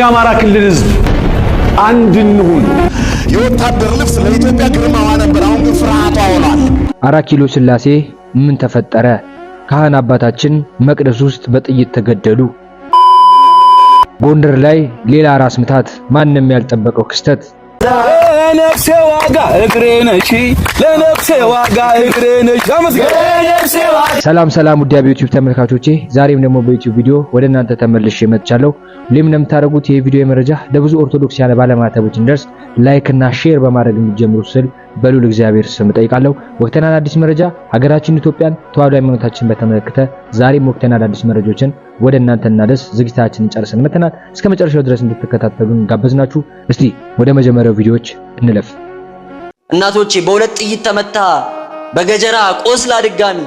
የአማራ ክልል ህዝብ አንድ እንሁን። የወታደር ልብስ ለኢትዮጵያ ግርማዋ ነበር፣ አሁን ግን ፍርሃቷ ሆኗል። አራት ኪሎ ስላሴ ምን ተፈጠረ? ካህን አባታችን መቅደስ ውስጥ በጥይት ተገደሉ። ጎንደር ላይ ሌላ ራስ ምታት፣ ማንም ያልጠበቀው ክስተት። ለነፍሴ ዋጋ እግሬ ነሽ፣ ለነፍሴ ዋጋ እግሬ ነሽ። ሰላም ሰላም፣ ውድ የዩቲዩብ ተመልካቾቼ፣ ዛሬም ደግሞ በዩቲዩብ ቪዲዮ ወደ እናንተ ተመልሼ መጥቻለሁ። ሊም ለምታደርጉት የቪዲዮ መረጃ ለብዙ ኦርቶዶክሳውያን ባለማተቦች እንደርስ ላይክ እና ሼር በማድረግ እንዲጀምሩ ስል በሉል እግዚአብሔር ስም ጠይቃለሁ። ወቅታዊና አዲስ መረጃ ሀገራችን ኢትዮጵያን ተዋሕዶ ሃይማኖታችን በተመለከተ ዛሬም ወቅታዊና አዳዲስ መረጃዎችን ወደ እናንተ እናደርስ ዝግጅታችንን ጨርሰን መተናል። እስከ መጨረሻው ድረስ እንድትከታተሉን ጋበዝናችሁ። እስቲ ወደ መጀመሪያው ቪዲዮዎች እንለፍ። እናቶቼ በሁለት ጥይት ተመታ በገጀራ ቆስላ ድጋሚ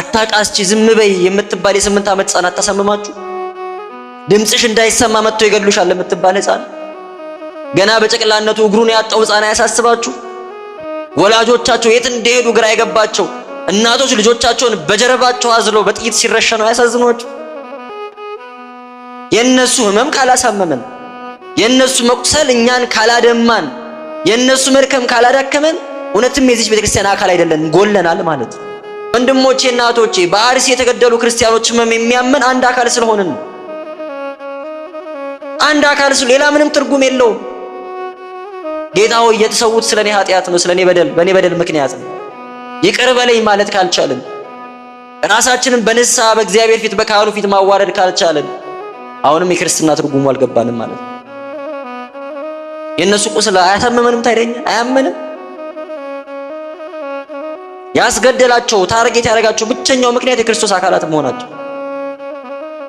አታቃስቺ ዝም በይ የምትባል የስምንት ዓመት ህጻናት ተሰምማችሁ ድምፅሽ እንዳይሰማ መጥቶ ይገድሉሻል ለምትባል ህፃን ገና በጨቅላነቱ እግሩን ያጣው ህፃን አያሳስባችሁ? ወላጆቻቸው የት እንደሄዱ ግራ የገባቸው እናቶች ልጆቻቸውን በጀርባቸው አዝለው በጥይት ሲረሸኑ አያሳዝኗቸው? የእነሱ ህመም ካላሳመመን፣ የእነሱ መቁሰል እኛን ካላደማን፣ የእነሱ መርከም ካላዳከመን እውነትም የዚች ቤተክርስቲያን አካል አይደለን፣ ጎለናል ማለት ነው። ወንድሞቼ እናቶቼ፣ በአርሲ የተገደሉ ክርስቲያኖች ህመም የሚያመን አንድ አካል ስለሆንን ነው። አንድ አካል እሱ ሌላ ምንም ትርጉም የለውም። ጌታ ሆይ ስለኔ ኃጢአት ነው፣ ስለኔ በደል በኔ በደል ምክንያት ነው። ይቅር በለኝ ማለት ካልቻልን፣ ራሳችንን በንስሐ በእግዚአብሔር ፊት በካህኑ ፊት ማዋረድ ካልቻልን፣ አሁንም የክርስትና ትርጉሙ አልገባንም ማለት ነው። የእነሱ ቁስል አያሳምመንም፣ ታይደኛ አያመንም። ያስገደላቸው ታርጌት ያደረጋቸው ብቸኛው ምክንያት የክርስቶስ አካላት መሆናቸው።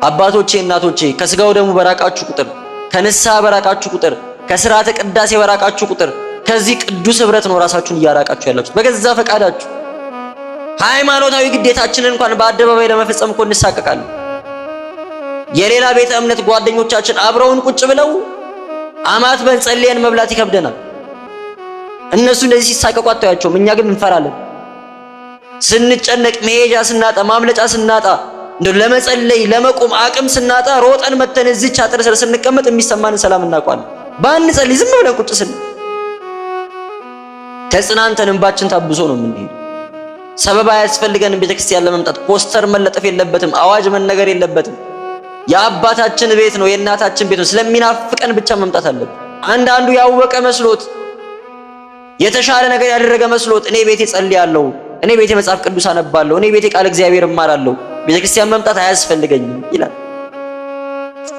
አባቶቼ እናቶቼ ከስጋው ደግሞ በራቃችሁ ቁጥር ከንስሐ በራቃችሁ ቁጥር፣ ከስርዓተ ቅዳሴ በራቃችሁ ቁጥር ከዚህ ቅዱስ ህብረት ነው ራሳችሁን እያራቃችሁ ያላችሁ በገዛ ፈቃዳችሁ። ሃይማኖታዊ ግዴታችንን እንኳን በአደባባይ ለመፈጸም እኮ እንሳቀቃለን። የሌላ ቤተ እምነት ጓደኞቻችን አብረውን ቁጭ ብለው አማት በንጸልየን መብላት ይከብደናል። እነሱ እንደዚህ ሲሳቀቁ አታያቸውም። እኛ ግን እንፈራለን። ስንጨነቅ መሄጃ ስናጣ ማምለጫ ስናጣ ለመጸለይ ለመቆም አቅም ስናጣ ሮጠን መተን እዚች አጥር ስር ስንቀመጥ የሚሰማንን ሰላም እናውቋለን። ባንጸልይ ዝም ብለን ቁጭ ስን ተጽናንተን እንባችን ታብሶ ነው የምንሄድ። ሰበብ አያስፈልገንም። ቤተክርስቲያን ለመምጣት ፖስተር መለጠፍ የለበትም። አዋጅ መነገር የለበትም። የአባታችን ቤት ነው፣ የእናታችን ቤት ነው። ስለሚናፍቀን ብቻ መምጣት አለብን። አንዳንዱ ያወቀ መስሎት የተሻለ ነገር ያደረገ መስሎት እኔ ቤቴ ጸልያለሁ፣ እኔ ቤቴ መጽሐፍ ቅዱስ አነባለሁ፣ እኔ ቤቴ ቃል እግዚአብሔር እማራለሁ ቤተ ክርስቲያን መምጣት አያስፈልገኝም ይላል።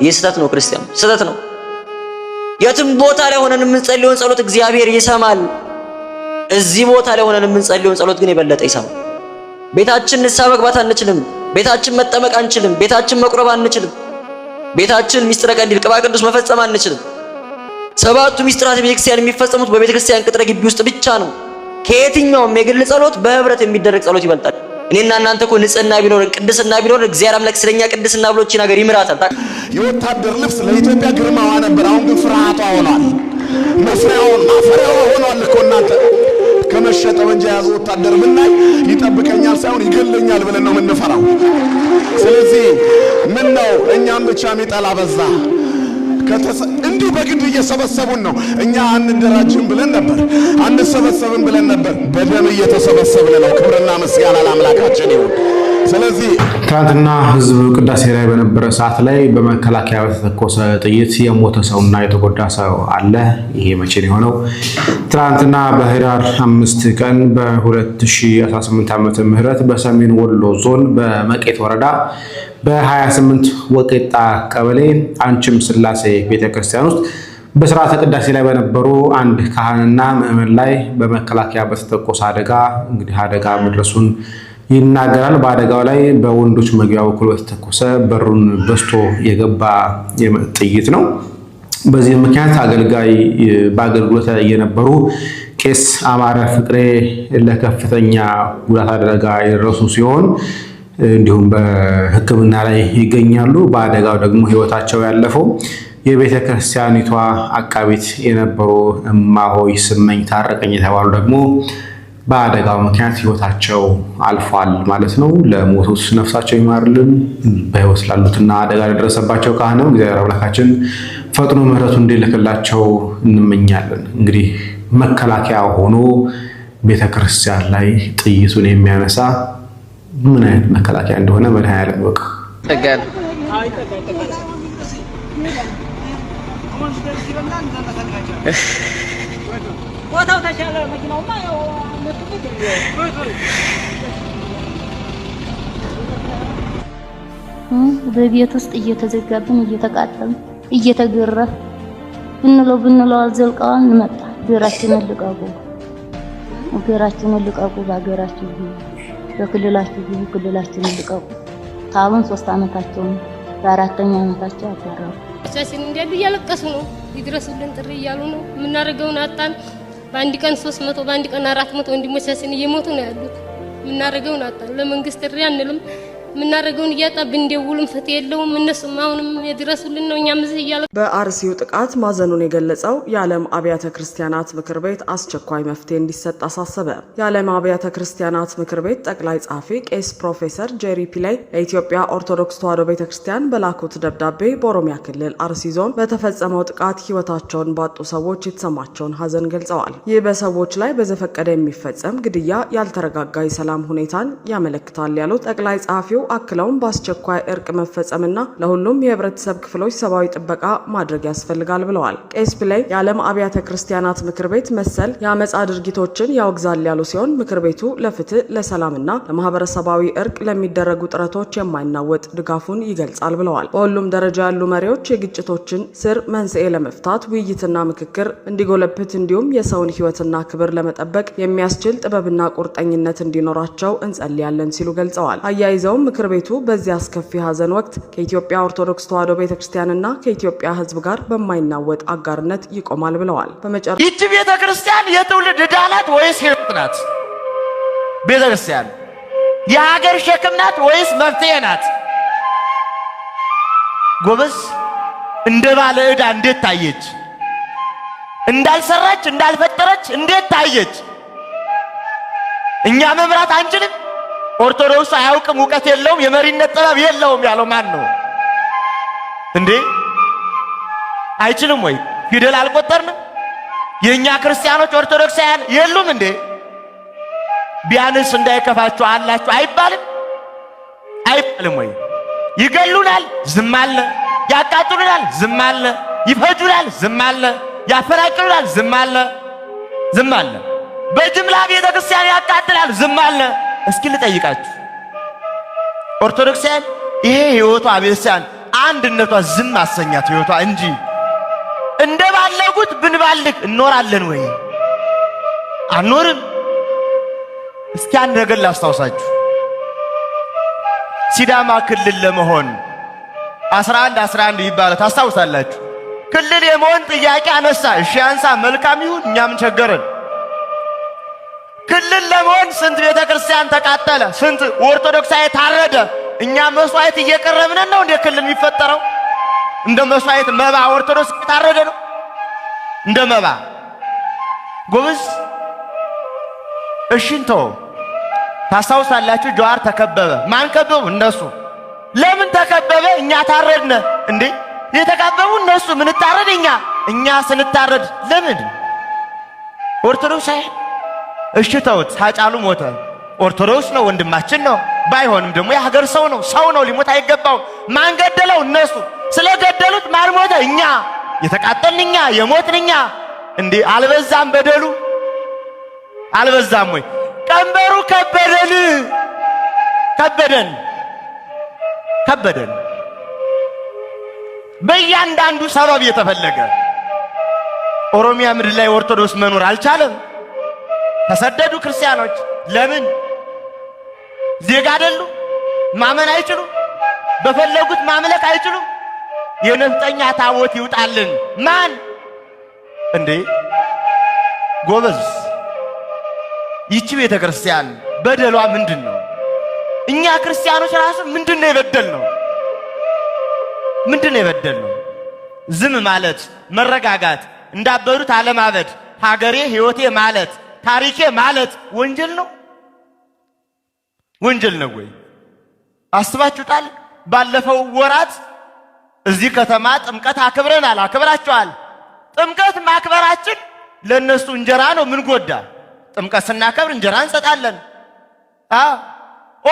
ይህ ስህተት ነው። ክርስቲያን ስህተት ነው። የትም ቦታ ላይ ሆነን የምንጸልየውን ጸሎት እግዚአብሔር ይሰማል። እዚህ ቦታ ላይ ሆነን የምንጸልየውን ጸሎት ግን የበለጠ ይሰማል። ቤታችን ንስሐ መግባት አንችልም። ቤታችን መጠመቅ አንችልም። ቤታችን መቁረብ አንችልም። ቤታችን ሚስጥረ ቀንዲል፣ ቅባ ቅዱስ መፈጸም አንችልም። ሰባቱ ሚስጥራት ቤተክርስቲያን የሚፈጸሙት በቤተክርስቲያን ቅጥረ ግቢ ውስጥ ብቻ ነው። ከየትኛውም የግል ጸሎት በህብረት የሚደረግ ጸሎት ይበልጣል። እኔና እናንተ እኮ ንጽህና ቢኖርን ቅድስና ቢኖርን እግዚአብሔር አምላክ ስለኛ ቅድስና ብሎ ይችን ሀገር ይምራታል። የወታደር ልብስ ለኢትዮጵያ ግርማዋ ነበር። አሁን ግን ፍርሃቷ ሆኗል፣ መስሪያውን ማፈሪያው ሆኗል እኮ እናንተ ከመሸጠ ወንጀል የያዘ ወታደር ብናይ ይጠብቀኛል ሳይሆን ይገለኛል ብለን ነው የምንፈራው። ስለዚህ ምን ነው እኛም ብቻ ሚጠላ በዛ። እንዲህ በግድ እየሰበሰቡን ነው። እኛ አንደራጅም ብለን ነበር፣ አንሰበሰብም ብለን ነበር። በደም እየተሰበሰብን ነው። ክብርና ምስጋና ለአምላካችን ይሁን። ስለዚህ ትናንትና ህዝብ ቅዳሴ ላይ በነበረ ሰዓት ላይ በመከላከያ በተተኮሰ ጥይት የሞተ ሰውና የተጎዳ ሰው አለ። ይሄ መቼ ነው የሆነው? ትናንትና በህዳር አምስት ቀን በ2018 ዓመተ ምህረት በሰሜን ወሎ ዞን በመቄት ወረዳ በ28 ወቄጣ ቀበሌ አንችም ስላሴ ቤተክርስቲያን ውስጥ በስርዓተ ቅዳሴ ላይ በነበሩ አንድ ካህንና ምዕመን ላይ በመከላከያ በተተኮሰ አደጋ እንግዲህ አደጋ መድረሱን ይናገራል። በአደጋው ላይ በወንዶች መግቢያ በኩል በተተኮሰ በሩን በስቶ የገባ ጥይት ነው። በዚህ ምክንያት አገልጋይ በአገልግሎት ላይ የነበሩ ቄስ አማረ ፍቅሬ ለከፍተኛ ጉዳት አደጋ የደረሱ ሲሆን እንዲሁም በሕክምና ላይ ይገኛሉ። በአደጋው ደግሞ ህይወታቸው ያለፈው የቤተ ክርስቲያኒቷ አቃቢት የነበሩ እማሆይ ስመኝ ታረቀኝ የተባሉ ደግሞ በአደጋው ምክንያት ህይወታቸው አልፏል ማለት ነው። ለሞቱት ነፍሳቸው ይማርልን። በህይወት ስላሉትና አደጋ ለደረሰባቸው ካህንም እግዚአብሔር አምላካችን ፈጥኖ ምሕረቱ እንዲልክላቸው እንመኛለን። እንግዲህ መከላከያ ሆኖ ቤተ ክርስቲያን ላይ ጥይቱን የሚያነሳ ምን አይነት መከላከያ እንደሆነ መድኃኔዓለም ያወቅ። ቦታው ተሻለ መኪናውማ በቤት ውስጥ እየተዘጋብን እየተቃጠልን እየተገረ ብንለው ብንለው አዘልቀዋን መጣ። ሀገራችንን ልቀቁ፣ ሀገራችንን ልቀቁ፣ በሀገራችሁ በክልላችሁ ብዙ ክልላችንን ልቀቁ ታሉን። ሶስት አመታቸው በአራተኛ አመታቸው አባረሩ። ብቻችን እንዳሉ እያለቀሱ ነው። ይድረሱልን ጥሪ እያሉ ነው። የምናደርገውን አጣን። በአንድ ቀን ሶስት መቶ በአንድ ቀን አራት መቶ ወንድሞቻችን እየሞቱ ነው ያሉት። የምናደርገውን አጣን። ለመንግስት እሪ አንልም። የምናደርገውን እያጣ ብንደውልም ፍትህ የለውም። እነሱም አሁንም የድረሱልን ነው እኛም እዚህ እያለ በአርሲው ጥቃት ማዘኑን የገለጸው የዓለም አብያተ ክርስቲያናት ምክር ቤት አስቸኳይ መፍትሄ እንዲሰጥ አሳሰበ። የዓለም አብያተ ክርስቲያናት ምክር ቤት ጠቅላይ ጸሐፊ ቄስ ፕሮፌሰር ጄሪ ፒላይ ለኢትዮጵያ ኦርቶዶክስ ተዋሕዶ ቤተ ክርስቲያን በላኩት ደብዳቤ በኦሮሚያ ክልል አርሲ ዞን በተፈጸመው ጥቃት ሕይወታቸውን ባጡ ሰዎች የተሰማቸውን ሀዘን ገልጸዋል። ይህ በሰዎች ላይ በዘፈቀደ የሚፈጸም ግድያ ያልተረጋጋ የሰላም ሁኔታን ያመለክታል ያሉት ጠቅላይ ጸሐፊው አክለውም በአስቸኳይ እርቅ መፈጸምና ለሁሉም የህብረተሰብ ክፍሎች ሰብአዊ ጥበቃ ማድረግ ያስፈልጋል ብለዋል። ቄስ ፕሌይ የዓለም አብያተ ክርስቲያናት ምክር ቤት መሰል የአመፃ ድርጊቶችን ያወግዛል ያሉ ሲሆን ምክር ቤቱ ለፍትህ ለሰላምና ለማህበረሰባዊ እርቅ ለሚደረጉ ጥረቶች የማይናወጥ ድጋፉን ይገልጻል ብለዋል። በሁሉም ደረጃ ያሉ መሪዎች የግጭቶችን ስር መንስኤ ለመፍታት ውይይትና ምክክር እንዲጎለብት እንዲሁም የሰውን ህይወትና ክብር ለመጠበቅ የሚያስችል ጥበብና ቁርጠኝነት እንዲኖራቸው እንጸልያለን ሲሉ ገልጸዋል። አያይዘውም ምክር ቤቱ በዚህ አስከፊ ሀዘን ወቅት ከኢትዮጵያ ኦርቶዶክስ ተዋሕዶ ቤተ ክርስቲያንና ከኢትዮጵያ ሕዝብ ጋር በማይናወጥ አጋርነት ይቆማል ብለዋል። በመጨረ ይቺ ቤተ ክርስቲያን የትውልድ ዕዳ ናት ወይስ ሕይወት ናት? ቤተ ክርስቲያን የሀገር ሸክም ናት ወይስ መፍትሄ ናት? ጎበዝ፣ እንደ ባለ ዕዳ እንዴት ታየች? እንዳልሰራች እንዳልፈጠረች እንዴት ታየች? እኛ መምራት አንችልም ኦርቶዶክስ አያውቅም፣ እውቀት የለውም፣ የመሪነት ጥበብ የለውም ያለው ማን ነው እንዴ? አይችልም ወይ? ፊደል አልቆጠርንም? የእኛ ክርስቲያኖች ኦርቶዶክስ ያህል የሉም እንዴ? ቢያንስ እንዳይከፋችሁ አላችሁ አይባልም? አይባልም ወይ? ይገሉናል፣ ዝም አለ። ያቃጥሉናል፣ ዝም አለ። ይፈጁናል፣ ዝም አለ። ያፈናቅሉናል፣ ዝም አለ። ዝም አለ። በጅምላ ቤተ ክርስቲያን ያቃጥላል፣ ዝም አለ። እስኪ ልጠይቃችሁ ኦርቶዶክሳውያን፣ ይሄ ህይወቷ ቤተክርስቲያን አንድነቷ ዝም አሰኛት ህይወቷ እንጂ እንደ ባለጉት ብንባልግ እንኖራለን ወይ? አንኖርም። እስኪ አንድ ነገር ላስታውሳችሁ። ሲዳማ ክልል ለመሆን 11 11 ይባላል ታስታውሳላችሁ። ክልል የመሆን ጥያቄ አነሳ። እሺ አንሳ፣ መልካም ይሁን። እኛ ምን ቸገረን? ክልል ለመሆን ስንት ቤተ ክርስቲያን ተቃጠለ፣ ስንት ኦርቶዶክሳዊ ታረደ። እኛ መስዋዕት እየቀረብን ነው። እንደ ክልል የሚፈጠረው እንደ መስዋዕት መባ ኦርቶዶክስ የታረደ ነው። እንደ መባ ጎብዝ እሽንቶ ታስታውሳላችሁ። ጀዋር ተከበበ። ማን ከበቡ? እነሱ። ለምን ተከበበ? እኛ ታረድነ እንዴ? የተከበቡ እነሱ፣ ምንታረድ እኛ። እኛ ስንታረድ ለምን ኦርቶዶክስ እሺ ሳጫሉ ሞተ። ኦርቶዶክስ ነው፣ ወንድማችን ነው። ባይሆንም ደግሞ የሀገር ሰው ነው፣ ሰው ነው፣ ሊሞት አይገባው። ማን ገደለው? እነሱ ስለገደሉት ማን ሞተ? እኛ የተቃጠልን እኛ የሞትን እኛ። እንዴ አልበዛም? በደሉ አልበዛም ወይ? ቀንበሩ ከበደን ከበደን ከበደን በእያንዳንዱ ሰበብ የተፈለገ ኦሮሚያ ምድር ላይ ኦርቶዶክስ መኖር አልቻለም። ተሰደዱ ክርስቲያኖች። ለምን ዜጋ አይደሉ? ማመን አይችሉም። በፈለጉት ማምለክ አይችሉም። የነፍጠኛ ታቦት ይውጣልን። ማን እንዴ ጎበዝ፣ ይቺ ቤተ ክርስቲያን በደሏ ምንድን ነው? እኛ ክርስቲያኖች ራሱ ምንድን ነው የበደል ነው? ምንድን ነው የበደል ነው? ዝም ማለት፣ መረጋጋት፣ እንዳበዱት አለማበድ፣ ሀገሬ ህይወቴ ማለት ታሪኬ ማለት ወንጀል ነው? ወንጀል ነው ወይ? አስባችሁታል? ባለፈው ወራት እዚህ ከተማ ጥምቀት አክብረናል፣ አክብራችኋል። ጥምቀት ማክበራችን ለእነሱ እንጀራ ነው። ምን ጎዳ? ጥምቀት ስናከብር እንጀራ እንሰጣለን።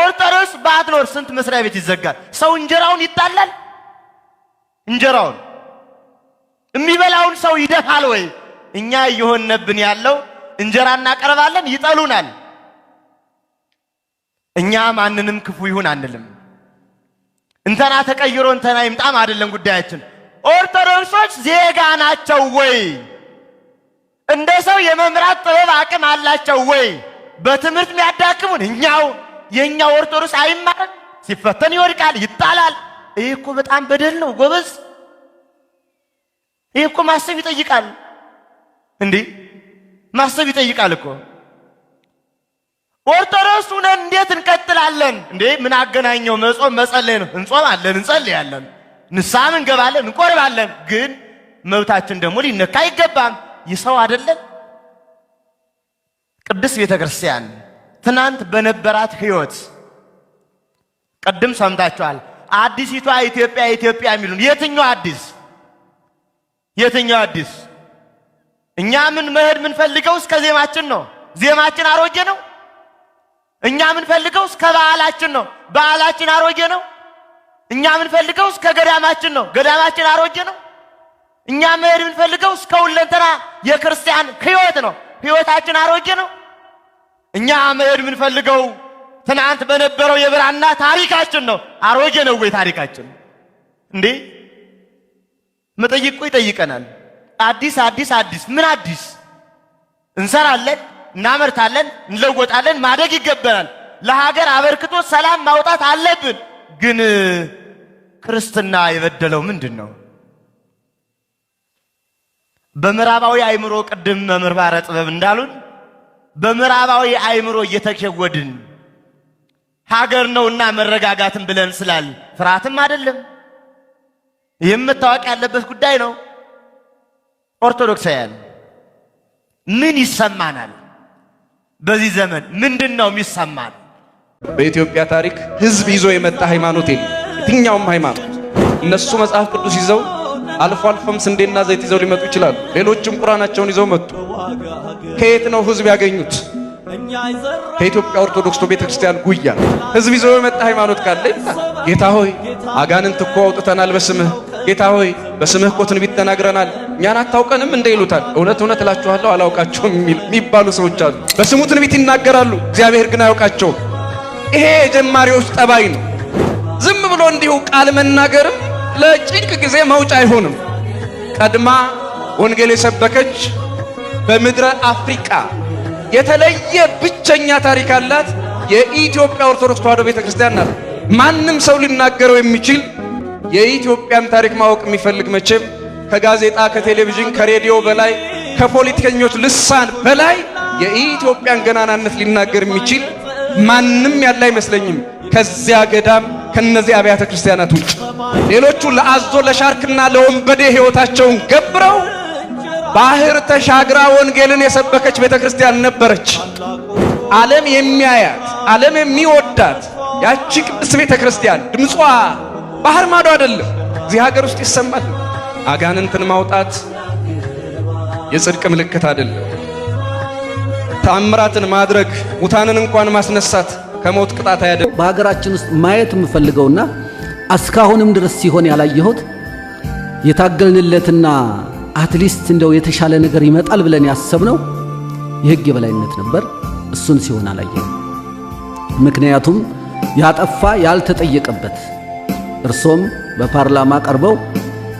ኦርቶዶክስ በአትኖር ስንት መስሪያ ቤት ይዘጋል። ሰው እንጀራውን ይጣላል። እንጀራውን የሚበላውን ሰው ይደፋል ወይ? እኛ እየሆነብን ያለው እንጀራ እናቀርባለን፣ ይጠሉናል። እኛ ማንንም ክፉ ይሁን አንልም። እንተና ተቀይሮ እንተና ይምጣም አይደለም ጉዳያችን። ኦርቶዶክሶች ዜጋ ናቸው ወይ? እንደ ሰው የመምራት ጥበብ አቅም አላቸው ወይ? በትምህርት የሚያዳክሙን እኛው የእኛ ኦርቶዶክስ አይማርም፣ ሲፈተን ይወድቃል፣ ይጣላል። ይህ እኮ በጣም በደል ነው ጎበዝ። ይህ እኮ ማሰብ ይጠይቃል እንዴ ማሰብ ይጠይቃል እኮ። ኦርቶዶክስ ሁነን እንዴት እንቀጥላለን እንዴ? ምን አገናኘው? መጾም መጸለይ ነው። እንጾማለን፣ እንጸልያለን፣ ንስሐም እንገባለን፣ እንቆርባለን። ግን መብታችን ደግሞ ሊነካ አይገባም። ይሰው ሰው አይደለም። ቅድስት ቤተ ክርስቲያን ትናንት በነበራት ሕይወት ቅድም ሰምታችኋል። አዲሲቷ ኢትዮጵያ ኢትዮጵያ የሚሉን የትኛው አዲስ የትኛው አዲስ እኛ ምን መሄድ የምንፈልገው እስከ ዜማችን ነው። ዜማችን አሮጌ ነው። እኛ ምንፈልገው እስከ በዓላችን ነው። በዓላችን አሮጌ ነው። እኛ ምንፈልገው እስከ ገዳማችን ነው። ገዳማችን አሮጌ ነው። እኛ መሄድ የምንፈልገው እስከ ሁለንተና የክርስቲያን ሕይወት ነው። ሕይወታችን አሮጌ ነው። እኛ መሄድ የምንፈልገው ትናንት በነበረው የብራና ታሪካችን ነው። አሮጌ ነው ወይ ታሪካችን? እንዴ መጠይቅ ይጠይቀናል። አዲስ አዲስ አዲስ ምን አዲስ እንሰራለን፣ እናመርታለን፣ እንለወጣለን። ማደግ ይገባናል። ለሀገር አበርክቶ ሰላም ማውጣት አለብን። ግን ክርስትና የበደለው ምንድን ነው? በምዕራባዊ አእምሮ ቅድም መምህር ባረ ጥበብ እንዳሉን በምዕራባዊ አእምሮ እየተሸወድን ሀገር ነውና መረጋጋትን ብለን ስላል ፍርሃትም አይደለም። ይህም መታወቅ ያለበት ጉዳይ ነው። ኦርቶዶክሳውያን ምን ይሰማናል? በዚህ ዘመን ምንድን ነው የሚሰማን? በኢትዮጵያ ታሪክ ህዝብ ይዞ የመጣ ሃይማኖት የለም። የትኛውም ሃይማኖት እነሱ መጽሐፍ ቅዱስ ይዘው አልፎ አልፎም ስንዴና ዘይት ይዘው ሊመጡ ይችላሉ። ሌሎችም ቁራናቸውን ይዘው መጡ። ከየት ነው ህዝብ ያገኙት? ከኢትዮጵያ ኦርቶዶክስ ተዋሕዶ ቤተክርስቲያን ጉያ ህዝብ ይዘው የመጣ ሃይማኖት ካለ ጌታ ሆይ አጋንንት እኮ አውጥተናል በስምህ ጌታ ሆይ በስምህ እኮ ትንቢት ተናግረናል እኛን አታውቀንም እንደ ይሉታል። እውነት እውነት እላችኋለሁ አላውቃቸውም የሚባሉ ሰዎች አሉ። በስሙ ትንቢት ይናገራሉ፣ እግዚአብሔር ግን አያውቃቸውም። ይሄ የጀማሪዎች ጠባይ ነው። ዝም ብሎ እንዲሁ ቃል መናገርም ለጭንቅ ጊዜ መውጫ አይሆንም። ቀድማ ወንጌል የሰበከች በምድረ አፍሪቃ የተለየ ብቸኛ ታሪክ አላት የኢትዮጵያ ኦርቶዶክስ ተዋሕዶ ቤተክርስቲያን ናት። ማንም ሰው ሊናገረው የሚችል የኢትዮጵያን ታሪክ ማወቅ የሚፈልግ መቼም ከጋዜጣ ከቴሌቪዥን ከሬዲዮ በላይ ከፖለቲከኞች ልሳን በላይ የኢትዮጵያን ገናናነት ሊናገር የሚችል ማንም ያለ አይመስለኝም። ከዚያ ገዳም ከነዚህ አብያተ ክርስቲያናት ውጭ ሌሎቹ ለአዞ ለሻርክና ለወንበዴ ሕይወታቸውን ገብረው ባህር ተሻግራ ወንጌልን የሰበከች ቤተ ክርስቲያን ነበረች። ዓለም የሚያያት ዓለም የሚወዳት ያቺ ቅድስት ቤተ ክርስቲያን ድምጿ ባህር ማዶ አይደለም፣ እዚህ ሀገር ውስጥ ይሰማል። አጋንንትን ማውጣት የጽድቅ ምልክት አይደለም። ተአምራትን ማድረግ ሙታንን እንኳን ማስነሳት ከሞት ቅጣት አይደለም። በሀገራችን ውስጥ ማየት የምፈልገውና እስካሁንም ድረስ ሲሆን ያላየሁት የታገልንለትና አትሊስት እንደው የተሻለ ነገር ይመጣል ብለን ያሰብነው የህግ የበላይነት ነበር። እሱን ሲሆን አላየ። ምክንያቱም ያጠፋ ያልተጠየቀበት እርሶም በፓርላማ ቀርበው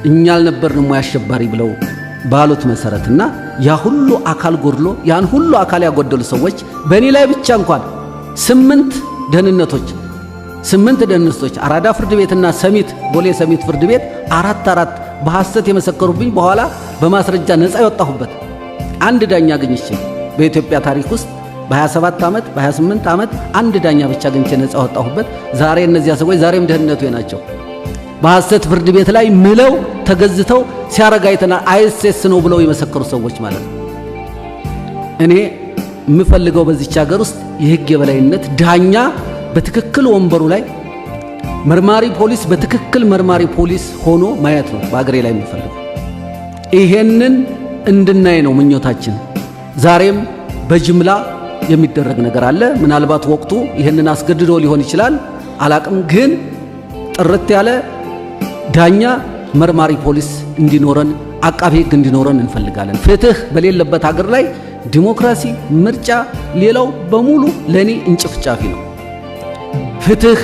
እኛ አልነበርንም ወይ አሸባሪ ብለው ባሉት መሰረትና ያ ሁሉ አካል ጎድሎ ያን ሁሉ አካል ያጎደሉ ሰዎች በእኔ ላይ ብቻ እንኳን ስምንት ደህንነቶች ስምንት ደህንነቶች አራዳ ፍርድ ቤትና ሰሚት ቦሌ ሰሚት ፍርድ ቤት አራት አራት በሐሰት የመሰከሩብኝ በኋላ በማስረጃ ነፃ የወጣሁበት አንድ ዳኛ አገኝቼ በኢትዮጵያ ታሪክ ውስጥ በ27 ዓመት በ28 ዓመት አንድ ዳኛ ብቻ አግኝቼ ነጻ ወጣሁበት። ዛሬ እነዚያ ሰዎች ዛሬም ደህንነቱ ናቸው። በሐሰት ፍርድ ቤት ላይ ምለው ተገዝተው ሲያረጋይተና አይተናል። አይሴስ ነው ብለው የመሰከሩ ሰዎች ማለት ነው። እኔ የምፈልገው በዚች ሀገር ውስጥ የህግ የበላይነት ዳኛ በትክክል ወንበሩ ላይ መርማሪ ፖሊስ በትክክል መርማሪ ፖሊስ ሆኖ ማየት ነው በአገሬ ላይ የምፈልገው። ይሄንን እንድናይ ነው ምኞታችን። ዛሬም በጅምላ የሚደረግ ነገር አለ። ምናልባት ወቅቱ ይህንን አስገድዶ ሊሆን ይችላል አላቅም። ግን ጥርት ያለ ዳኛ፣ መርማሪ ፖሊስ እንዲኖረን፣ አቃቤ ሕግ እንዲኖረን እንፈልጋለን። ፍትህ በሌለበት ሀገር ላይ ዲሞክራሲ፣ ምርጫ፣ ሌላው በሙሉ ለእኔ እንጭፍጫፊ ነው። ፍትህ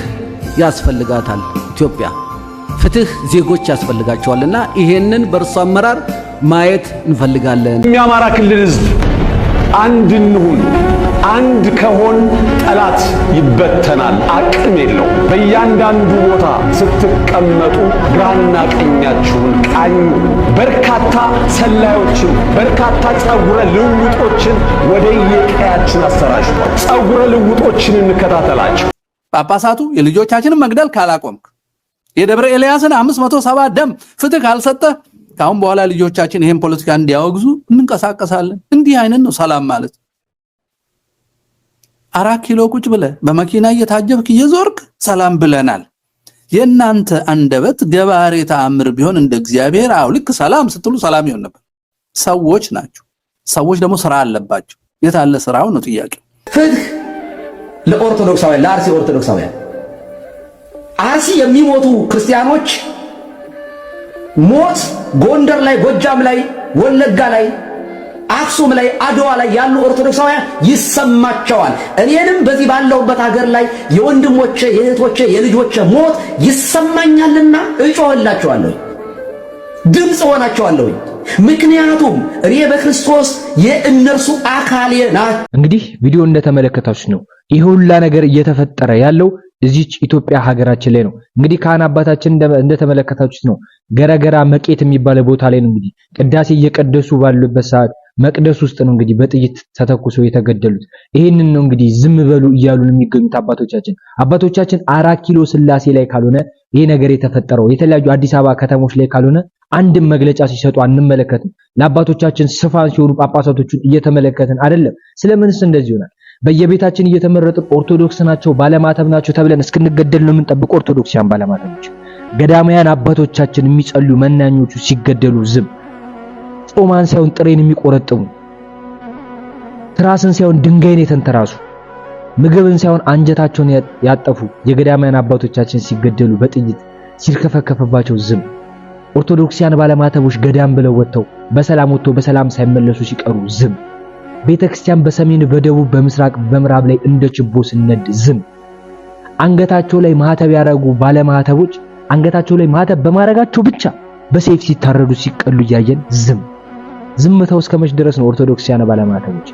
ያስፈልጋታል ኢትዮጵያ። ፍትህ ዜጎች ያስፈልጋቸዋልና ይሄንን በእርሱ አመራር ማየት እንፈልጋለን። የሚያማራ ክልል ህዝብ አንድ እንሁን። አንድ ከሆን ጠላት ይበተናል፣ አቅም የለው። በእያንዳንዱ ቦታ ስትቀመጡ ግራና ቀኛችሁን ቃኙ። በርካታ ሰላዮችን፣ በርካታ ጸጉረ ልውጦችን ወደየቀያችን አሰራጭቷል። ጸጉረ ልውጦችን እንከታተላቸው። ጳጳሳቱ የልጆቻችንን መግደል ካላቆምክ የደብረ ኤልያስን አምስት መቶ ሰባ ደም ፍትህ ካልሰጠ ከአሁን በኋላ ልጆቻችን ይህን ፖለቲካ እንዲያወግዙ እንንቀሳቀሳለን። እንዲህ አይነት ነው ሰላም ማለት። አራት ኪሎ ቁጭ ብለ በመኪና እየታጀብክ እየዞርክ ሰላም ብለናል። የእናንተ አንደበት ገባሬ ተአምር ቢሆን እንደ እግዚአብሔር አው ልክ ሰላም ስትሉ ሰላም ይሆን ነበር። ሰዎች ናቸው። ሰዎች ደግሞ ስራ አለባቸው። የታለ ስራው ነው ጥያቄው። ፍትህ ለኦርቶዶክሳውያን፣ ለአርሲ ኦርቶዶክሳውያን አርሲ የሚሞቱ ክርስቲያኖች ሞት ጎንደር ላይ፣ ጎጃም ላይ፣ ወለጋ ላይ አክሱም ላይ አድዋ ላይ ያሉ ኦርቶዶክሳውያን ይሰማቸዋል። እኔንም በዚህ ባለውበት ሀገር ላይ የወንድሞቼ የእህቶቼ የልጆቼ ሞት ይሰማኛልና እጮህላቸዋለሁ፣ ድምፅ ሆናቸዋለሁ። ምክንያቱም እኔ በክርስቶስ የእነርሱ አካል ናት። እንግዲህ ቪዲዮ እንደተመለከታችሁ ነው ይህ ሁላ ነገር እየተፈጠረ ያለው እዚች ኢትዮጵያ ሀገራችን ላይ ነው። እንግዲህ ካህን አባታችን እንደተመለከታችሁት ነው ገረገራ መቄት የሚባለ ቦታ ላይ ነው እንግዲህ ቅዳሴ እየቀደሱ ባሉበት ሰዓት መቅደስ ውስጥ ነው እንግዲህ በጥይት ተተኩሰው የተገደሉት። ይህንን ነው እንግዲህ ዝም በሉ እያሉን የሚገኙት አባቶቻችን አባቶቻችን አራት ኪሎ ስላሴ ላይ ካልሆነ ይሄ ነገር የተፈጠረው የተለያዩ አዲስ አበባ ከተሞች ላይ ካልሆነ አንድም መግለጫ ሲሰጡ አንመለከትም። ለአባቶቻችን ስፋን ሲሆኑ ጳጳሳቶቹን እየተመለከትን አይደለም። ስለምንስ እንደዚህ ይሆናል? በየቤታችን እየተመረጥን ኦርቶዶክስ ናቸው ባለማተብ ናቸው ተብለን እስክንገደል ነው የምንጠብቅ። ኦርቶዶክሲያን ናቸው። ገዳማያን አባቶቻችን የሚጸልዩ መናኞቹ ሲገደሉ ዝም ጮማን ሳይሆን ጥሬን የሚቆረጥሙ ትራስን ሳይሆን ድንጋይን የተንተራሱ ምግብን ሳይሆን አንጀታቸውን ያጠፉ የገዳማያን አባቶቻችን ሲገደሉ በጥይት ሲርከፈከፍባቸው ዝም ኦርቶዶክሲያን ባለማተቦች ገዳም ብለው ወጥተው በሰላም ወጥተው በሰላም ሳይመለሱ ሲቀሩ ዝም ቤተክርስቲያን በሰሜን በደቡብ በምስራቅ በምዕራብ ላይ እንደ ችቦ ስነድ ዝም አንገታቸው ላይ ማተብ ያረጉ ባለማህተቦች አንገታቸው ላይ ማተብ በማረጋቸው ብቻ በሰይፍ ሲታረዱ ሲቀሉ እያየን ዝም ዝምታው እስከ መች ድረስ ነው? ኦርቶዶክሲያን ባለማተቦች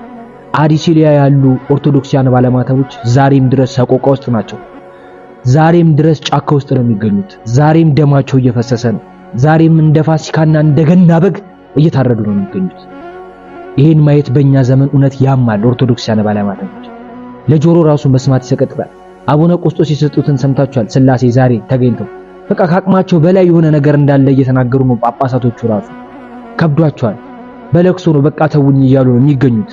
አዲሲሊያ ያሉ ኦርቶዶክሲያን ባለማተቦች ዛሬም ድረስ ሰቆቃ ውስጥ ናቸው። ዛሬም ድረስ ጫካ ውስጥ ነው የሚገኙት። ዛሬም ደማቸው እየፈሰሰ ነው። ዛሬም እንደ ፋሲካና እንደ ገና በግ እየታረዱ ነው የሚገኙት። ይህን ማየት በእኛ ዘመን እውነት ያማል። ኦርቶዶክሲያን ባለማተቦች ለጆሮ ራሱ መስማት ይሰቀጥጣል። አቡነ ቆስጦስ የሰጡትን ሰምታችኋል። ስላሴ ዛሬ ተገኝተው በቃ ከአቅማቸው በላይ የሆነ ነገር እንዳለ እየተናገሩ ነው። ጳጳሳቶቹ ራሱ ከብዷቸዋል። በለቅሶ ነው በቃ ተውኝ እያሉ ነው የሚገኙት።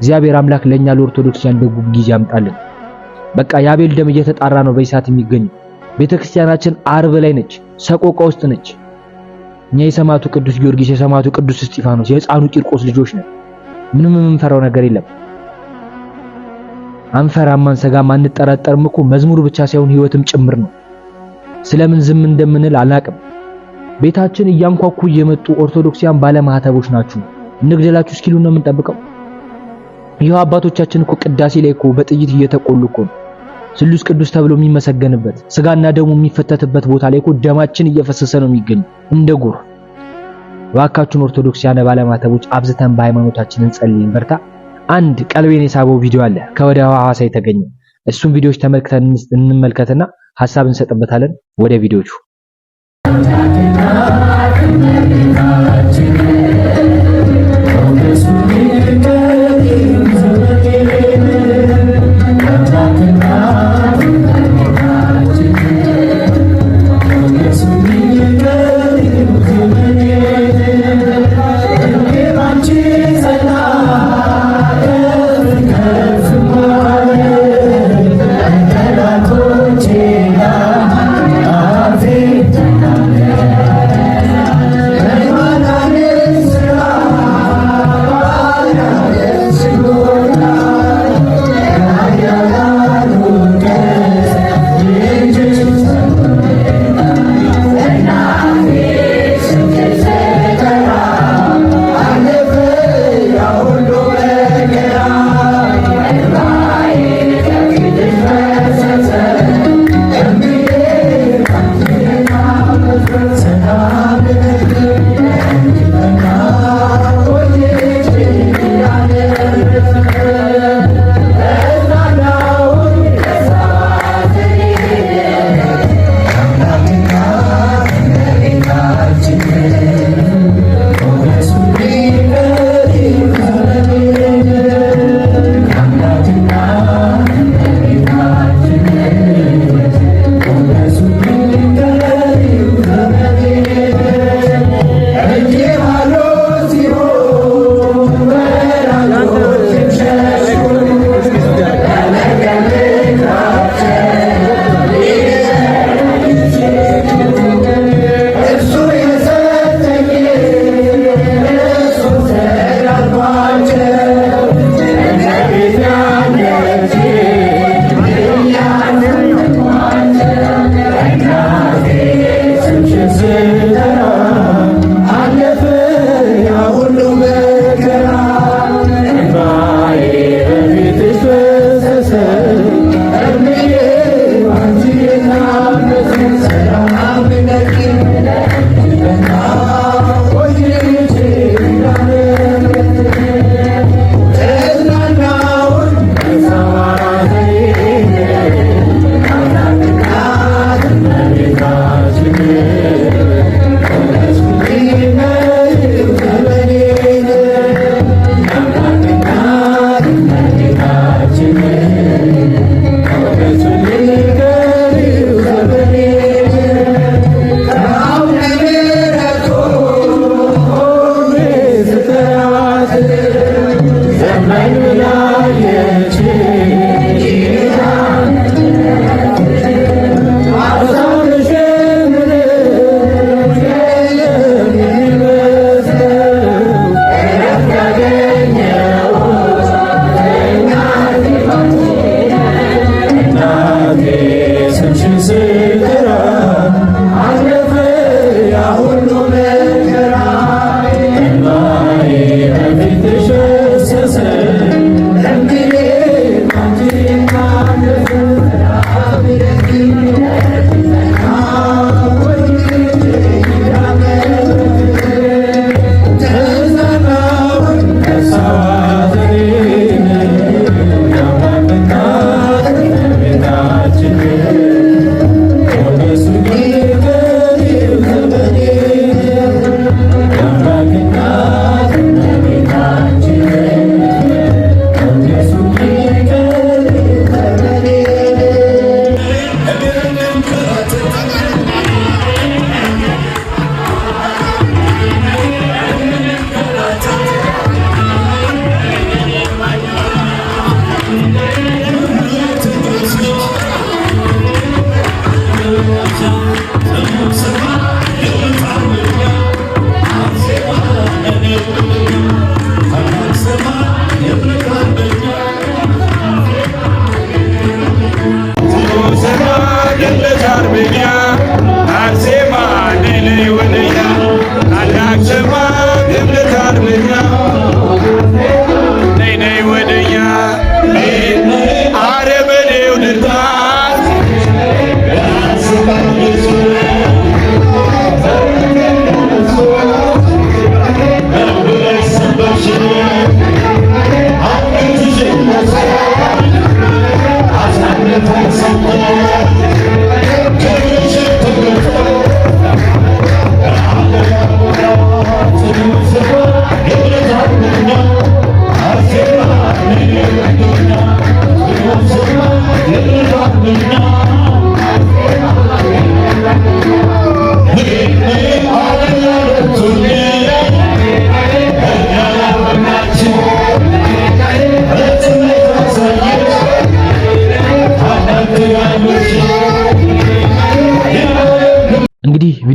እግዚአብሔር አምላክ ለኛ ለኦርቶዶክሳውያን ደጉ ጊዜ ያምጣልን። በቃ የአቤል ደም እየተጣራ ነው በይሳት የሚገኘው። ቤተክርስቲያናችን አርብ ላይ ነች፣ ሰቆቃ ውስጥ ነች። እኛ የሰማዕቱ ቅዱስ ጊዮርጊስ፣ የሰማዕቱ ቅዱስ እስጢፋኖስ፣ የሕፃኑ ቂርቆስ ልጆች ነን። ምንም የምንፈራው ነገር የለም። አንፈራም፣ አንሰጋም፣ አንጠራጠርም እኮ መዝሙር ብቻ ሳይሆን ሕይወትም ጭምር ነው። ስለምን ዝም እንደምንል አላቅም። ቤታችን እያንኳኩ እየመጡ ኦርቶዶክሲያን ባለማህተቦች ናችሁ እንግደላችሁ እስኪሉ ነው የምንጠብቀው? ይህ አባቶቻችን እኮ ቅዳሴ ላይ እኮ በጥይት እየተቆሉ እኮ ነው። ስሉስ ቅዱስ ተብሎ የሚመሰገንበት ስጋና ደሙ የሚፈተትበት ቦታ ላይ እኮ ደማችን እየፈሰሰ ነው የሚገኝ እንደ ጉር እባካችሁን ኦርቶዶክሲያን ባለማህተቦች አብዝተን በሃይማኖታችን እንጸልይን፣ በርታ። አንድ ቀልቤን የሳበው ቪዲዮ አለ ከወደ ሐዋሳ የተገኘ እሱን ቪዲዮዎች ተመልክተን እንመልከትና ሀሳብ እንሰጥበታለን። ወደ ቪዲዮቹ Happy night, happy night,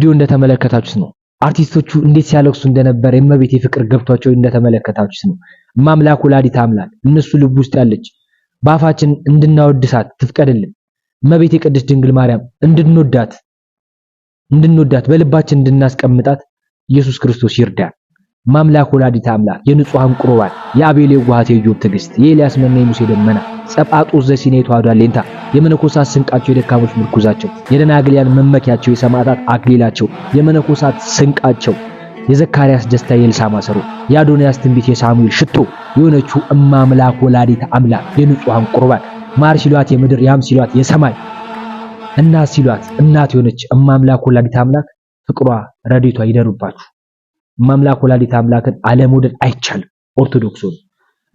ቪዲዮ እንደተመለከታችሁት ነው። አርቲስቶቹ እንዴት ሲያለቅሱ እንደነበር የእመቤቴ ፍቅር ገብቷቸው እንደተመለከታችሁት ነው። ማምላክ ወላዲተ አምላክ እነሱ ልብ ውስጥ ያለች በአፋችን እንድናወድሳት ትፍቀድልን። እመቤቴ የቅድስት ድንግል ማርያም እንድንወዳት እንድንወዳት በልባችን እንድናስቀምጣት ኢየሱስ ክርስቶስ ይርዳል። ማምላክ ወላዲት አምላክ የንጹሃን ቁርባን የአቤል የዋሃት የኢዮብ ትዕግስት የኤልያስ መና የሙሴ ደመና ጸጳጡ ዘሲኔ የተዋሕዶ አለኝታ የመነኮሳት ስንቃቸው የደካሞች ምርኩዛቸው የደናግሊያን መመኪያቸው የሰማዕታት አክሊላቸው የመነኮሳት ስንቃቸው የዘካርያስ ደስታ የኤልሳ ማሰሮ የአዶንያስ ትንቢት የሳሙኤል ሽቶ የሆነችው እማምላክ ወላዲት አምላክ የንጹሃን ቁርባን ማር ሲሏት የምድር ያም ሲሏት የሰማይ እናት ሲሏት እናት የሆነች እማምላክ ወላዲት አምላክ ፍቅሯ ረድኤቷ ይደሩባችሁ። ማምላክ ወላዲት አምላክን አለመውደድ አይቻልም። ኦርቶዶክሱ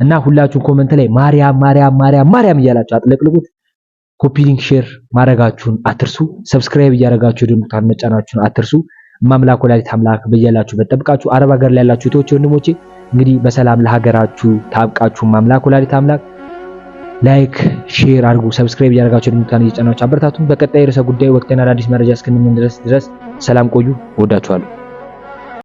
እና ሁላችሁ ኮመንት ላይ ማርያም ማርያም ማርያም ማርያም እያላችሁ አጥለቅልቁት። ኮፒ ሊንክ፣ ሼር ማድረጋችሁን አትርሱ። ሰብስክራይብ እያደረጋችሁ ደግሞ መጫናችሁን አትርሱ። ማምላክ ወላዲት አምላክ በእያላችሁ በጠብቃችሁ። አረብ ሀገር ላይ ያላችሁ እህቶቼ ወንድሞቼ እንግዲህ በሰላም ለሀገራችሁ ታብቃችሁ። ማምላክ ወላዲት አምላክ ላይክ፣ ሼር አድርጉ። ሰብስክራይብ እያደረጋችሁ ደግሞ እየጫናችሁ አበረታቱን። በቀጣይ ርዕሰ ጉዳይ ወቅትና አዳዲስ መረጃ እስክንምን ድረስ ድረስ ሰላም ቆዩ። ወዳችኋለሁ።